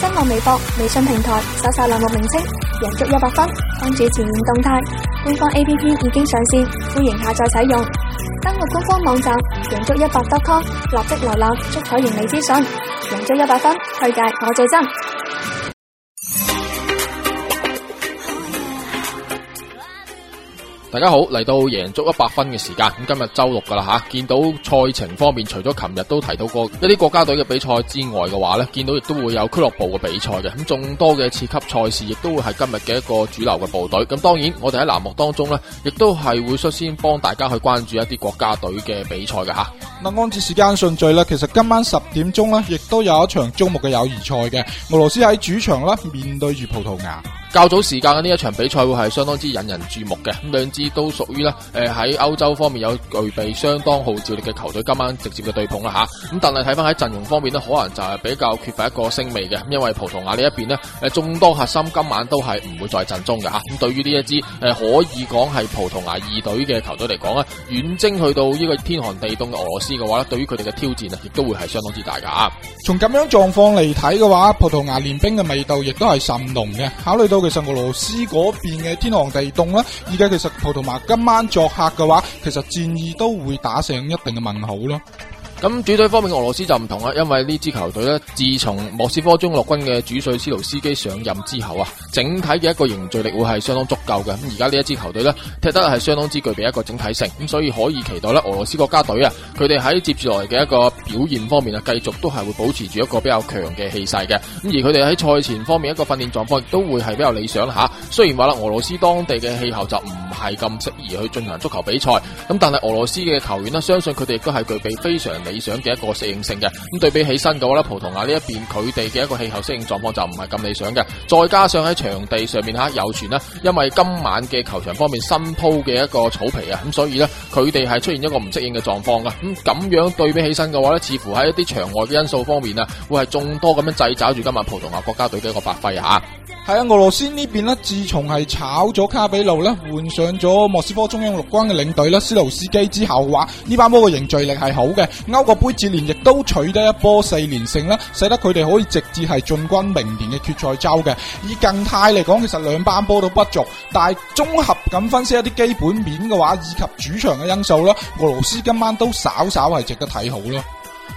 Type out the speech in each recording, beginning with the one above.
新浪微博、微信平臺，搜索欄目名稱“贏足一百分”，關注前沿動態。官方 APP 已經上線，歡迎下載使用。登錄官方網站“贏足一百 .com”，立即瀏覽精彩贏利資訊。贏足一百分，推介我最真。大家好，嚟到贏足一百分嘅時間，咁今日周六㗎喇吓，見到賽程方面，除咗琴日都提到過一啲國家隊嘅比賽之外嘅話呢，見到亦都會有俱樂部嘅比賽嘅，咁眾多嘅次級賽事亦都會係今日嘅一個主流嘅部隊。咁當然，我哋喺欄目當中呢，亦都係會率先幫大家去關注一啲國家隊嘅比賽嘅吓。嗱，按照時間順序呢，其實今晚十點鐘呢，亦都有一場中目嘅友誼賽嘅，俄羅斯喺主場啦，面對住葡萄牙。較早時間嘅呢一場比賽會係相當之引人注目嘅，咁兩支都屬於咧，誒喺歐洲方面有具備相當號召力嘅球隊，今晚直接嘅對碰啦吓，咁但係睇翻喺陣容方面咧，可能就係比較缺乏一個星味嘅，因為葡萄牙呢一邊咧，誒眾多核心今晚都係唔會再陣中嘅吓，咁對於呢一支誒可以講係葡萄牙二隊嘅球隊嚟講啊，遠征去到呢個天寒地凍嘅俄羅斯嘅話咧，對於佢哋嘅挑戰啊，亦都會係相當之大噶。從咁樣狀況嚟睇嘅話，葡萄牙練兵嘅味道亦都係甚濃嘅，考慮到。其實俄羅斯嗰邊嘅天寒地凍啦，而家其實葡萄牙今晚作客嘅話，其實戰意都會打上一定嘅問號咯。咁主隊方面俄羅斯就唔同啦，因為呢支球隊呢，自從莫斯科中陸軍嘅主帥斯盧斯基上任之後啊，整體嘅一個凝聚力會係相當足夠嘅。咁而家呢一支球隊呢，踢得係相當之具備一個整體性，咁所以可以期待呢，俄羅斯國家隊啊，佢哋喺接住來嘅一個表現方面啊，繼續都係會保持住一個比較強嘅氣勢嘅。咁而佢哋喺賽前方面一個訓練狀況亦都會係比較理想吓。雖然話啦，俄羅斯當地嘅氣候就唔係咁適宜去進行足球比賽，咁但係俄羅斯嘅球員呢，相信佢哋亦都係具備非常。理想嘅一個適應性嘅，咁對比起身嘅話咧，葡萄牙呢一邊佢哋嘅一個氣候適應狀況就唔係咁理想嘅，再加上喺場地上面吓、啊，有傳啦，因為今晚嘅球場方面新鋪嘅一個草皮啊，咁所以咧佢哋係出現一個唔適應嘅狀況噶，咁、啊、咁樣對比起身嘅話咧，似乎喺一啲場外嘅因素方面啊，會係眾多咁樣掣肘住今晚葡萄牙國家隊嘅一個發揮啊。係啊，俄羅斯呢邊咧，自從係炒咗卡比路，咧，換上咗莫斯科中央陸軍嘅領隊咧斯盧斯基之後，話呢班波嘅凝聚力係好嘅，歐國杯，接連亦都取得一波四連勝啦，使得佢哋可以直接係進軍明年嘅決賽週嘅。以近態嚟講，其實兩班波都不足，但係綜合咁分析一啲基本面嘅話，以及主場嘅因素啦，俄羅斯今晚都稍稍係值得睇好咯。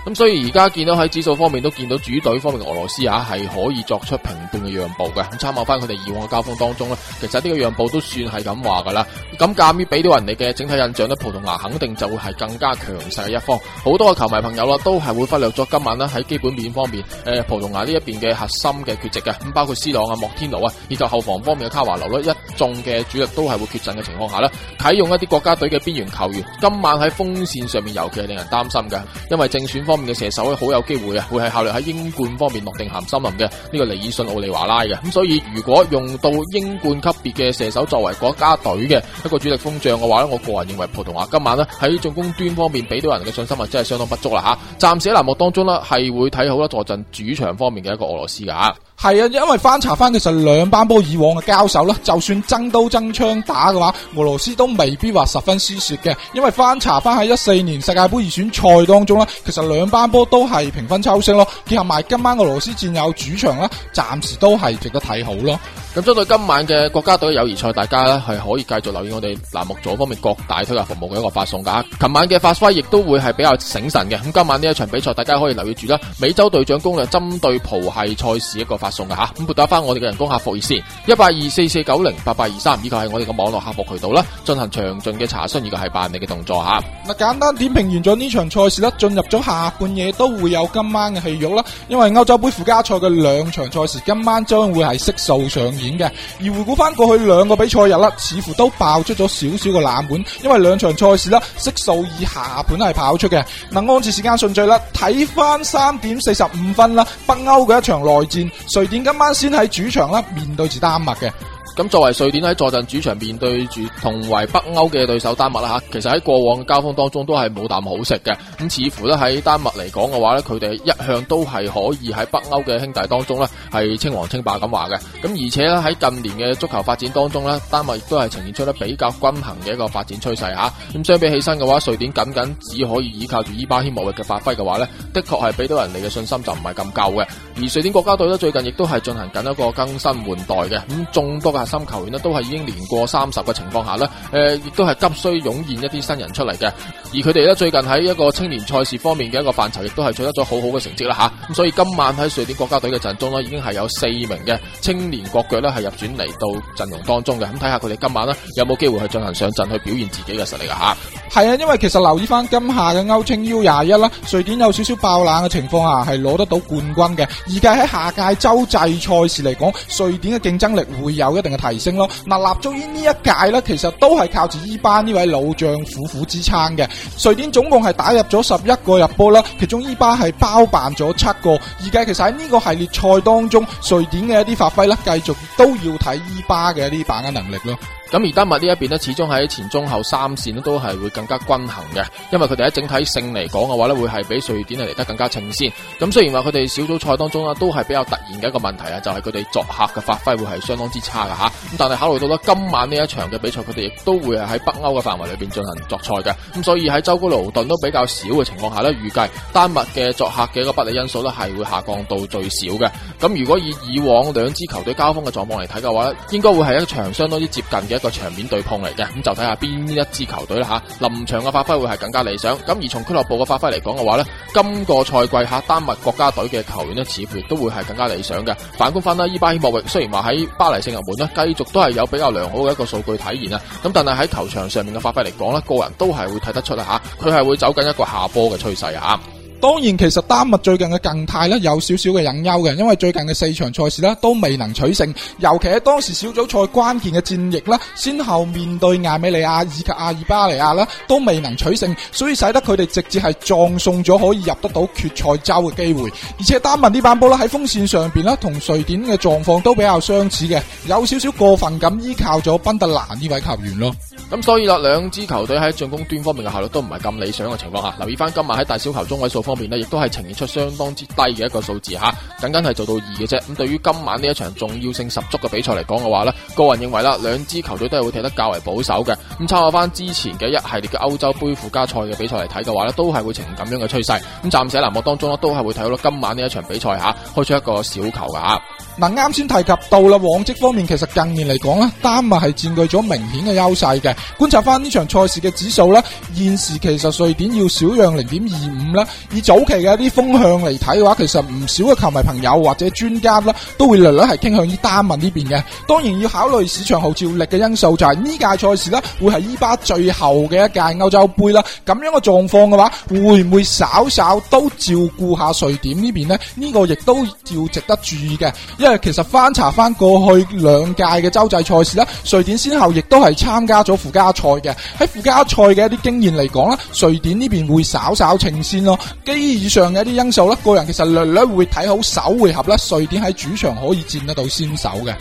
咁所以而家見到喺指數方面都見到主隊方面俄羅斯啊，係可以作出平半嘅讓步嘅，咁參考翻佢哋以往嘅交鋒當中咧，其實呢個讓步都算係咁話噶啦。咁鑒於俾到人哋嘅整體印象咧，葡萄牙肯定就會係更加強勢嘅一方。好多嘅球迷朋友啦，都係會忽略咗今晚咧喺基本面方面，誒、呃、葡萄牙呢一邊嘅核心嘅缺席嘅，咁包括斯朗啊、莫天奴啊，以及後防方面嘅卡華流咧，一眾嘅主力都係會缺陣嘅情況下咧，啟用一啲國家隊嘅邊緣球員，今晚喺鋒線上面尤其係令人擔心嘅，因爲正選方面嘅射手咧，好有機會啊，會係考慮喺英冠方面諾定咸森林嘅呢、這個尼爾遜奧利華拉嘅。咁所以如果用到英冠級別嘅射手作為國家隊嘅一個主力鋒將嘅話咧，我個人認為葡萄牙今晚咧喺進攻端方面俾到人嘅信心啊，真係相當不足啦吓。暫時喺欄目當中咧係會睇好一坐鎮主場方面嘅一個俄羅斯噶。係啊，因為翻查翻其實兩班波以往嘅交手啦，就算爭刀爭槍打嘅話，俄羅斯都未必話十分輸蝕嘅。因為翻查翻喺一四年世界杯預選賽當中啦，其實兩班波都係平分秋色咯。結合埋今晚俄羅斯戰友主場啦，暫時都係值得睇好咯。咁針對今晚嘅國家隊友誼賽，大家咧係可以繼續留意我哋欄目組方面各大推介服務嘅一個發送噶。琴晚嘅發揮亦都會係比較醒神嘅。咁今晚呢一場比賽，大家可以留意住啦。美洲隊長攻略針對葡系賽事一個發。送吓咁撥打翻我哋嘅人工客服熱線一八二四四九零八八二三，以及係我哋嘅網絡客服渠道啦，進行詳盡嘅查詢以及係辦理嘅動作吓。嗱，簡單點評完咗呢場賽事啦，進入咗下半夜都會有今晚嘅戲肉啦，因為歐洲盃附加賽嘅兩場賽事今晚將會係悉數上演嘅。而回顧翻過去兩個比賽日啦，似乎都爆出咗少少嘅冷門，因為兩場賽事啦悉數以下盤係跑出嘅。嗱，按照時間順序啦，睇翻三點四十五分啦，北歐嘅一場內戰。瑞典今晚先喺主場啦，面對住丹麥嘅。咁作為瑞典喺坐鎮主場面對住同為北歐嘅對手丹麥啦吓，其實喺過往嘅交鋒當中都係冇啖好食嘅。咁似乎咧喺丹麥嚟講嘅話咧，佢哋一向都係可以喺北歐嘅兄弟當中咧係稱王稱霸咁話嘅。咁而且咧喺近年嘅足球發展當中咧，丹麥亦都係呈現出咧比較均衡嘅一個發展趨勢吓。咁相比起身嘅話，瑞典僅僅只可以依靠住伊巴希莫域嘅發揮嘅話咧，的確係俾到人哋嘅信心就唔係咁夠嘅。而瑞典國家隊咧最近亦都係進行緊一個更新換代嘅，咁眾多嘅。核心球員咧，都係已經年過三十嘅情況下呢，誒亦都係急需湧現一啲新人出嚟嘅。而佢哋呢，最近喺一個青年賽事方面嘅一個範疇，亦都係取得咗好好嘅成績啦吓。咁所以今晚喺瑞典國家隊嘅陣中呢，已經係有四名嘅青年國腳呢係入轉嚟到陣容當中嘅。咁睇下佢哋今晚呢，有冇機會去進行上陣去表現自己嘅實力啊吓。係啊，因為其實留意翻今夏嘅歐青 U 廿一啦，瑞典有少少爆冷嘅情況下係攞得到冠軍嘅。而家喺下屆洲際賽事嚟講，瑞典嘅競爭力會有一定。提升咯，嗱，立足於呢一屆咧，其實都係靠住伊巴呢位老將苦苦支撐嘅。瑞典總共係打入咗十一個入波啦，其中伊巴係包辦咗七個。而家其實喺呢個系列賽當中，瑞典嘅一啲發揮咧，繼續都要睇伊巴嘅一啲把握能力咯。咁而丹麥呢一邊咧，始終喺前中後三線都係會更加均衡嘅，因為佢哋喺整體性嚟講嘅話咧，會係比瑞典係嚟得更加稱先。咁雖然話佢哋小組賽當中啦，都係比較突然嘅一個問題啊，就係佢哋作客嘅發揮會係相當之差嘅嚇。咁但係考慮到咧今晚呢一場嘅比賽，佢哋亦都會係喺北歐嘅範圍裏邊進行作賽嘅。咁所以喺舟車勞頓都比較少嘅情況下咧，預計丹麥嘅作客嘅一個不利因素咧係會下降到最少嘅。咁如果以以往兩支球隊交鋒嘅狀況嚟睇嘅話咧，應該會係一場相當之接近嘅個場面對碰嚟嘅，咁就睇下邊一支球隊啦吓，臨場嘅發揮會係更加理想。咁而從俱樂部嘅發揮嚟講嘅話呢，今個賽季吓丹麥國家隊嘅球員呢，似乎都會係更加理想嘅。反觀翻啦，伊巴希莫域，雖然話喺巴黎聖日門呢，繼續都係有比較良好嘅一個數據體現啊。咁但係喺球場上面嘅發揮嚟講呢，個人都係會睇得出啦吓，佢係會走緊一個下坡嘅趨勢啊。當然，其實丹麥最近嘅近態咧有少少嘅隱憂嘅，因為最近嘅四場賽事咧都未能取勝，尤其喺當時小組賽關鍵嘅戰役啦，先後面對亞美利亞以及阿爾巴尼亞啦，都未能取勝，所以使得佢哋直接係葬送咗可以入得到決賽周嘅機會。而且丹麥這班呢班波咧喺鋒線上邊咧，同瑞典嘅狀況都比較相似嘅，有少少過分咁依靠咗賓特蘭呢位球員咯。咁所以啦，兩支球隊喺進攻端方面嘅效率都唔係咁理想嘅情況下，留意翻今晚喺大小球中位數方面呢，亦都係呈現出相當之低嘅一個數字下，僅僅係做到二嘅啫。咁對於今晚呢一場重要性十足嘅比賽嚟講嘅話呢，個人認為啦，兩支球隊都係會踢得較為保守嘅。咁參考翻之前嘅一系列嘅歐洲杯附加賽嘅比賽嚟睇嘅話呢，都係會呈現咁樣嘅趨勢。咁暫時喺藍幕當中都係會睇到今晚呢一場比賽下，開出一個小球嘅。嗱，啱先提及到啦，往績方面其實近年嚟講咧，丹麥係佔據咗明顯嘅優勢嘅。觀察翻呢場賽事嘅指數咧，現時其實瑞典要少讓零點二五啦。以早期嘅一啲風向嚟睇嘅話，其實唔少嘅球迷朋友或者專家啦，都會略略係傾向於丹麥呢邊嘅。當然要考慮市場號召力嘅因素、就是，就係呢屆賽事啦，會係伊巴最後嘅一屆歐洲杯啦。咁樣嘅狀況嘅話，會唔會稍稍都照顧下瑞典呢邊呢？呢、呢個亦都要值得注意嘅。因為其實翻查翻過去兩屆嘅洲際賽事啦，瑞典先後亦都係參加咗附加賽嘅，喺附加賽嘅一啲經驗嚟講啦，瑞典呢邊會稍稍稱先咯。基於以上嘅一啲因素啦，個人其實略略會睇好首回合啦，瑞典喺主場可以佔得到先手嘅。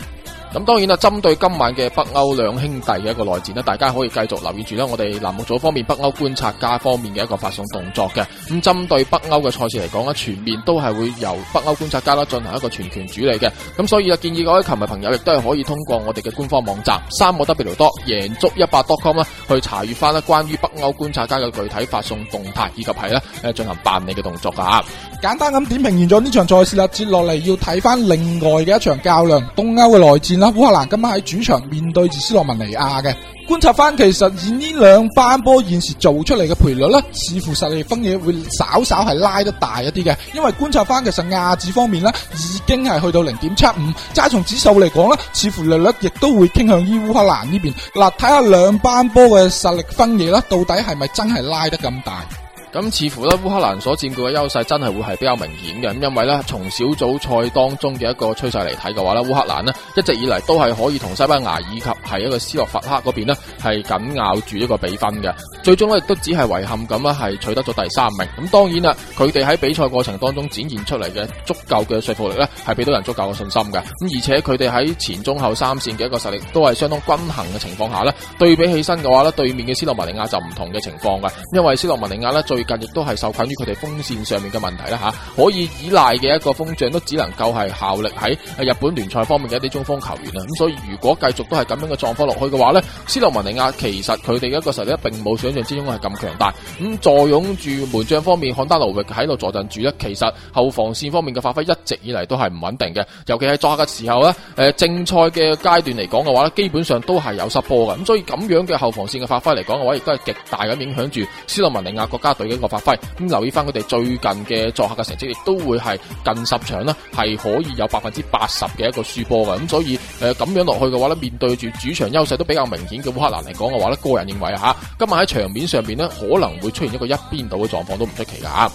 咁當然啦，針對今晚嘅北歐兩兄弟嘅一個內戰呢，大家可以繼續留意住呢。我哋欄目組方面北歐觀察家方面嘅一個發送動作嘅。咁針對北歐嘅賽事嚟講呢，全面都係會由北歐觀察家啦進行一個全權處理嘅。咁所以啊，建議各位球迷朋友亦都係可以通過我哋嘅官方網站三個 W 多贏足一百多 .com 去查閲翻呢關於北歐觀察家嘅具體發送動態，以及係呢誒進行辦理嘅動作㗎。簡單咁點評完咗呢場賽事啦，接落嚟要睇翻另外嘅一場較量，東歐嘅內戰啦，烏克蘭今晚喺主場面對住斯洛文尼亞嘅。觀察翻其實以呢兩班波現時做出嚟嘅賠率咧，似乎實力分野會稍稍係拉得大一啲嘅，因為觀察翻其實亞指方面咧，已經係去到零點七五，再從指數嚟講咧，似乎略略亦都會傾向於烏克蘭呢邊。嗱，睇下兩班波嘅實力分野咧，到底係咪真係拉得咁大？咁似乎咧，烏克蘭所佔據嘅優勢真係會係比較明顯嘅。因為咧，從小組賽當中嘅一個趨勢嚟睇嘅話咧，烏克蘭咧一直以嚟都係可以同西班牙以及係一個斯洛伐克嗰邊咧係緊咬住一個比分嘅。最終咧亦都只係遺憾咁啦，係取得咗第三名。咁當然啦，佢哋喺比賽過程當中展現出嚟嘅足夠嘅說服力咧，係俾到人足夠嘅信心嘅。咁而且佢哋喺前中後三線嘅一個實力都係相當均衡嘅情況下咧，對比起身嘅話咧，對面嘅斯洛文尼亞就唔同嘅情況嘅。因為斯洛文尼亞咧最近亦都係受困於佢哋鋒線上面嘅問題啦，吓、啊、可以依賴嘅一個鋒將都只能夠係效力喺日本聯賽方面嘅一啲中鋒球員啊，咁、嗯、所以如果繼續都係咁樣嘅狀況落去嘅話呢，斯洛文尼亞其實佢哋嘅一個實力並冇想象之中係咁強大，咁、嗯、坐擁住門將方面漢丹奴域喺度坐鎮住呢，其實後防線方面嘅發揮一直以嚟都係唔穩定嘅，尤其係作客嘅時候呢誒、呃、正賽嘅階段嚟講嘅話呢，基本上都係有失波嘅，咁、嗯、所以咁樣嘅後防線嘅發揮嚟講嘅話，亦都係極大咁影響住斯洛文尼亞國家隊。一個發揮，咁留意翻佢哋最近嘅作客嘅成績，亦都會係近十場呢，係可以有百分之八十嘅一個輸波嘅。咁所以誒，咁樣落去嘅話呢，面對住主場優勢都比較明顯嘅烏克蘭嚟講嘅話呢，個人認為吓，今日喺場面上邊呢，可能會出現一個一邊倒嘅狀況，都唔出奇噶。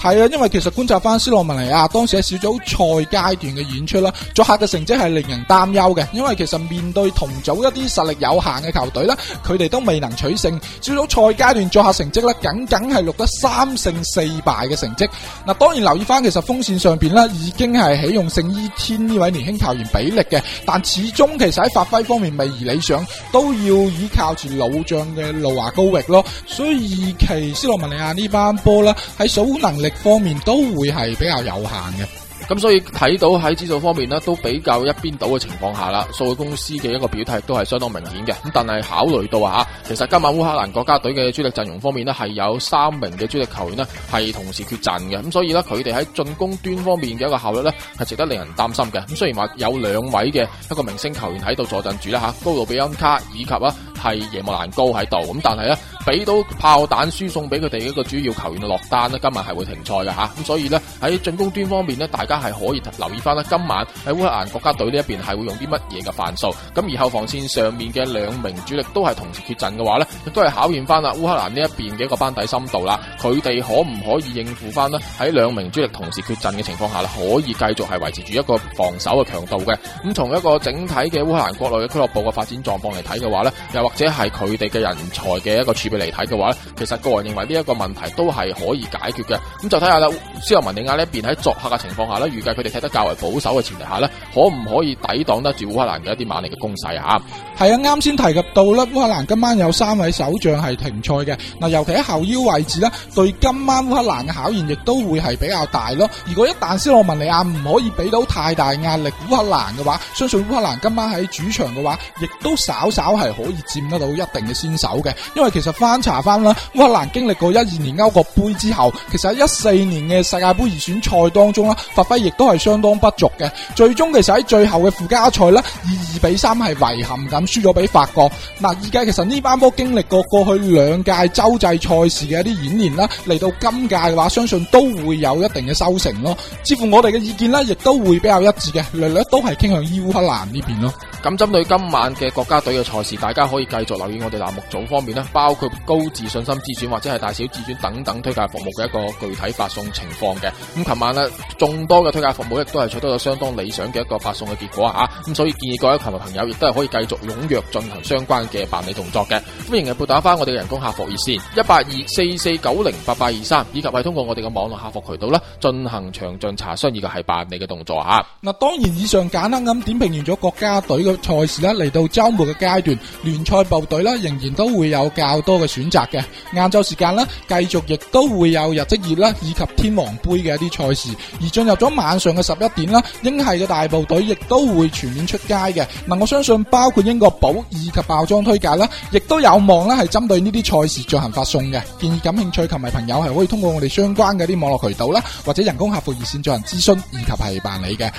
係啊，因為其實觀察翻斯洛文尼亞當時喺小組賽階段嘅演出啦，作客嘅成績係令人擔憂嘅。因為其實面對同組一啲實力有限嘅球隊咧，佢哋都未能取勝。小組賽階段作客成績咧，僅僅係錄得三勝四敗嘅成績。嗱，當然留意翻其實鋒線上邊咧，已經係起用聖伊天呢位年輕球員俾力嘅，但始終其實喺發揮方面未如理想，都要依靠住老將嘅路華高域咯。所以二期斯洛文尼亞呢班波啦喺小能力。方面都會係比較有限嘅，咁所以睇到喺指數方面咧都比較一邊倒嘅情況下啦，數據公司嘅一個表態都係相當明顯嘅。咁但係考慮到啊，其實今晚烏克蘭國家隊嘅主力陣容方面咧係有三名嘅主力球員咧係同時缺陣嘅，咁所以呢，佢哋喺進攻端方面嘅一個效率呢係值得令人擔心嘅。咁雖然話有兩位嘅一個明星球員喺度坐鎮住啦，吓，高度比安卡以及啊。係耶莫蘭高喺度，咁但係咧俾到炮彈輸送俾佢哋一個主要球員落單咧，今晚係會停賽嘅吓，咁、啊、所以呢，喺進攻端方面呢，大家係可以留意翻啦。今晚喺烏克蘭國家隊呢一邊係會用啲乜嘢嘅範數，咁而後防線上面嘅兩名主力都係同時缺陣嘅話咧，都係考驗翻啦烏克蘭呢一邊嘅一個班底深度啦，佢哋可唔可以應付翻呢？喺兩名主力同時缺陣嘅情況下呢，可以繼續係維持住一個防守嘅強度嘅，咁、嗯、從一個整體嘅烏克蘭國內嘅俱樂部嘅發展狀況嚟睇嘅話呢。又即係佢哋嘅人才嘅一個儲備嚟睇嘅話咧，其實個人認為呢一個問題都係可以解決嘅。咁就睇下啦，斯洛文尼亞呢邊喺作客嘅情況下咧，預計佢哋踢得較為保守嘅前提下咧，可唔可以抵擋得住烏克蘭嘅一啲猛力嘅攻勢啊？係啊，啱先提及到啦，烏克蘭今晚有三位主將係停賽嘅，嗱，尤其喺後腰位置呢，對今晚烏克蘭嘅考驗亦都會係比較大咯。如果一旦斯洛文尼亞唔可以俾到太大壓力烏克蘭嘅話，相信烏克蘭今晚喺主場嘅話，亦都稍稍係可以接見得到一定嘅先手嘅，因為其實翻查翻啦，烏克蘭經歷過一二年歐國盃之後，其實喺一四年嘅世界杯預選賽當中啦，發揮亦都係相當不俗嘅。最終其實喺最後嘅附加賽呢，以二比三係遺憾咁輸咗俾法國。嗱，而家其實呢班波經歷過過去兩屆洲際賽事嘅一啲演練啦，嚟到今屆嘅話，相信都會有一定嘅收成咯。至乎我哋嘅意見呢，亦都會比較一致嘅，略略都係傾向烏克蘭呢邊咯。咁針對今晚嘅國家隊嘅賽事，大家可以繼續留意我哋欄目組方面咧，包括高自信心自選或者係大小自選等等推介服務嘅一個具體發送情況嘅。咁琴晚呢，眾多嘅推介服務亦都係取得咗相當理想嘅一個發送嘅結果啊！咁所以建議各位群友朋友亦都係可以繼續踴躍進行相關嘅辦理動作嘅。歡迎係撥打翻我哋嘅人工客服熱線一八二四四九零八八二三，以及係通過我哋嘅網絡客服渠道啦，進行詳盡查詢以及係辦理嘅動作啊！嗱，當然以上簡單咁點評完咗國家隊賽事啦嚟到周末嘅階段，聯賽部隊啦仍然都會有較多嘅選擇嘅。晏晝時間啦，繼續亦都會有日職乙啦以及天王杯嘅一啲賽事。而進入咗晚上嘅十一點啦，英係嘅大部隊亦都會全面出街嘅。嗱，我相信包括英國寶以及爆裝推介啦，亦都有望啦係針對呢啲賽事進行發送嘅。建議感興趣球迷朋友係可以通過我哋相關嘅啲網絡渠道啦，或者人工客服熱線進行諮詢以及係辦理嘅。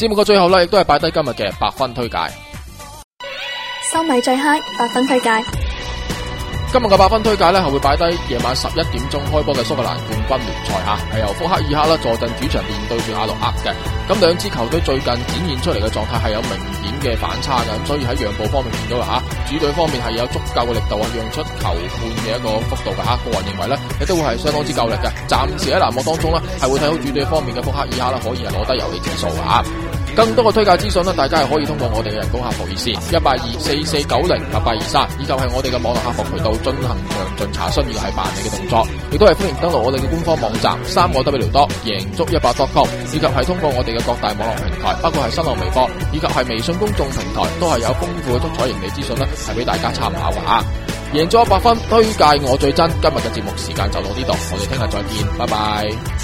節目嘅最後咧，亦都係擺低今日嘅百分推介，收米最嗨，百分推介。今日嘅百分推介咧，係會擺低夜晚十一點鐘開波嘅蘇格蘭冠軍聯賽吓，係由福克爾克啦坐鎮主場面對住阿羅厄嘅。咁兩支球隊最近展現出嚟嘅狀態係有明顯嘅反差嘅，咁所以喺讓步方面見到啦吓，主隊方面係有足夠嘅力度啊讓出球半嘅一個幅度嘅吓，個人認為咧亦都會係相當之夠力嘅。暫時喺欄目當中咧係會睇好主隊方面嘅福克爾克啦可以係攞低遊戲指數啊。更多嘅推介資訊咧，大家係可以通過我哋嘅人工客服熱線一八二四四九零八八二三，124, 490, 223, 以及係我哋嘅網絡客服渠道進行詳盡查詢以及係辦理嘅動作。亦都係歡迎登錄我哋嘅官方網站三個 w 多贏足一百 dot com 以及係通過我哋嘅各大網絡平台，包括係新浪微博以及係微信公眾平台，都係有豐富嘅足彩盈利資訊呢係俾大家參考下，吓。贏咗一百分，推介我最真。今日嘅節目時間就到呢度，我哋聽日再見，拜拜。